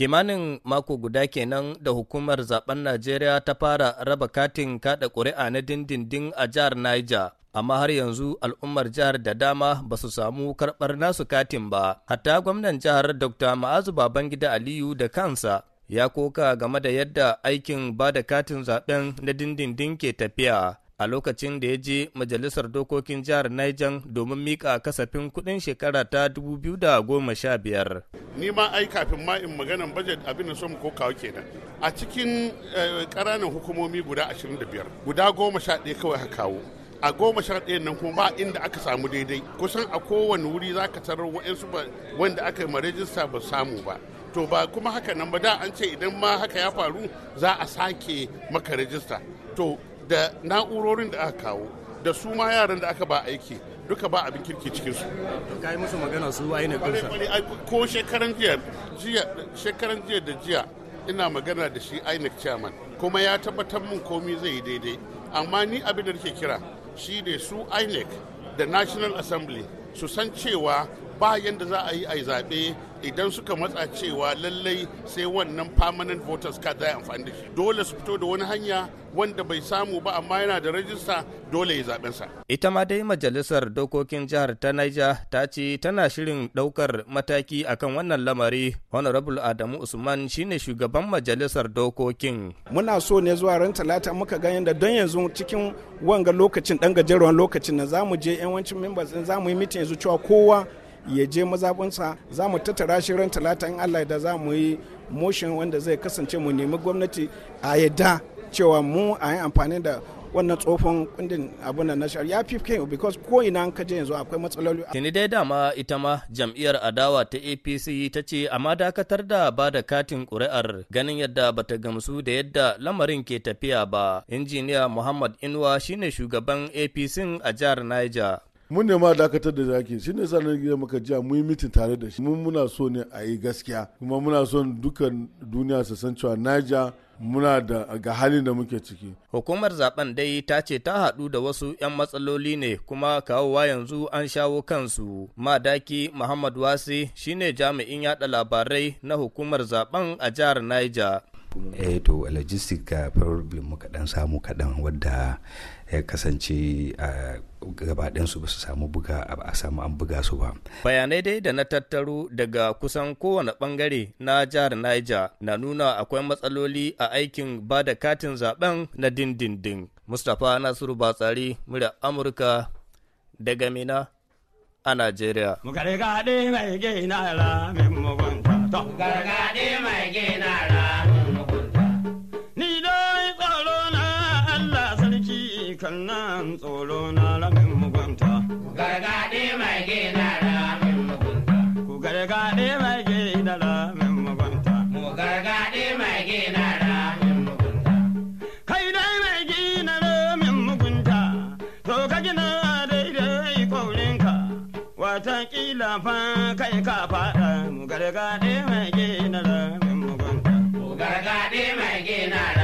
Kimanin mako guda kenan da hukumar zaben Najeriya ta fara raba katin kada ƙuri'a na dindindin a jihar Niger. amma har yanzu al'ummar jihar da dama ba su samu karɓar nasu katin ba. Hatta gwamnan jihar Dr. Ma'azu Babangida Aliyu da kansa ya koka game da yadda aikin ba da katin zaben na dindindin ke tafiya a lokacin da ya je majalisar dokokin jihar Niger domin mika kasafin kuɗin shekara ta 2015. Ni ma ai kafin ma in maganan bajet abin da son ko kawo kenan. A cikin eh, ƙananan hukumomi guda 25, guda 11 kawai haka kawo. a goma sha ɗaya nan kuma ba inda aka samu daidai kusan a kowane wuri za ka tarar wa'yansu wanda aka yi rajista ba samu ba to ba kuma haka nan ba da an ce idan ma haka ya faru za a sake maka rajista to da na'urorin da aka kawo da su ma yaran da aka ba aiki duka ba abin kirki cikin su kai musu magana su wai ne ko shekaran jiya jiya shekaran jiya da jiya ina magana da shi INEC chairman kuma ya tabbatar mun komi zai yi daidai amma ni abin da nake kira shi ne su INEC da National Assembly su san cewa ba yadda za a yi a zaɓe idan suka matsa cewa lallai sai wannan permanent voters card za amfani da shi dole su fito da wani hanya wanda bai samu ba amma yana da rajista dole ya zaɓen sa. ita ma dai majalisar dokokin jihar ta niger ta ce tana shirin ɗaukar mataki akan wannan lamari honorable adamu usman shine shugaban majalisar dokokin. muna so ne zuwa ran talata muka ga yadda don yanzu cikin wanga lokacin ɗan gajeruwan lokacin na zamu je yawancin members za zamu yi mitin yanzu cewa kowa ya je mazabinsa za mu tattara shirin talata in allah da za mu yi motion wanda zai kasance mu nemi gwamnati a yadda cewa mu a yi amfani da wannan tsofon kundin abu na nashar ya fi kai because ko ina an kaje yanzu akwai matsaloli. Tuni dai dama ita ma jam'iyyar adawa ta APC ta ce amma dakatar da ba da katin ƙuri'ar ganin yadda bata gamsu da yadda lamarin ke tafiya ba. Injiniya Muhammad Inuwa shine shugaban APC a jihar Niger. mun ne ma dakatar da zaki shi ne sanar gida muka jiya mun yi mitin tare da shi mun muna so ne a yi gaskiya kuma muna son dukkan duniya su san cewa naja muna da ga halin da muke ciki. Hukumar zaben dai ta ce ta hadu da wasu 'yan matsaloli ne kuma kawowa yanzu an shawo kansu. Madaki Muhammad Wasi shine jami'in yada labarai na hukumar zaben a jihar Niger. eh to logistic problem muka dan samu kadan wadda ya kasance a gabaɗinsu ba su samu buga a samu an buga su ba. Bayanai dai da na tattaro daga kusan kowane bangare na jihar Niger na nuna akwai matsaloli a aikin ba da katin zaben na dindindin. Mustapha Nasiru Batsari, murya Amurka daga Mina a Najeriya. mai la mai mai sannan tsoro na ramin mugunta. Ku gargaɗe mai gina ramin mugunta. Ku gargaɗe mai gina ramin mugunta. gargaɗe mai gina mugunta. Kai dai mai gina ramin mugunta, to ka gina daidai kaurinka, watakila fa kai ka faɗa. Mu gargaɗe mai gina ramin mugunta. Ku gargaɗe mai gina ramin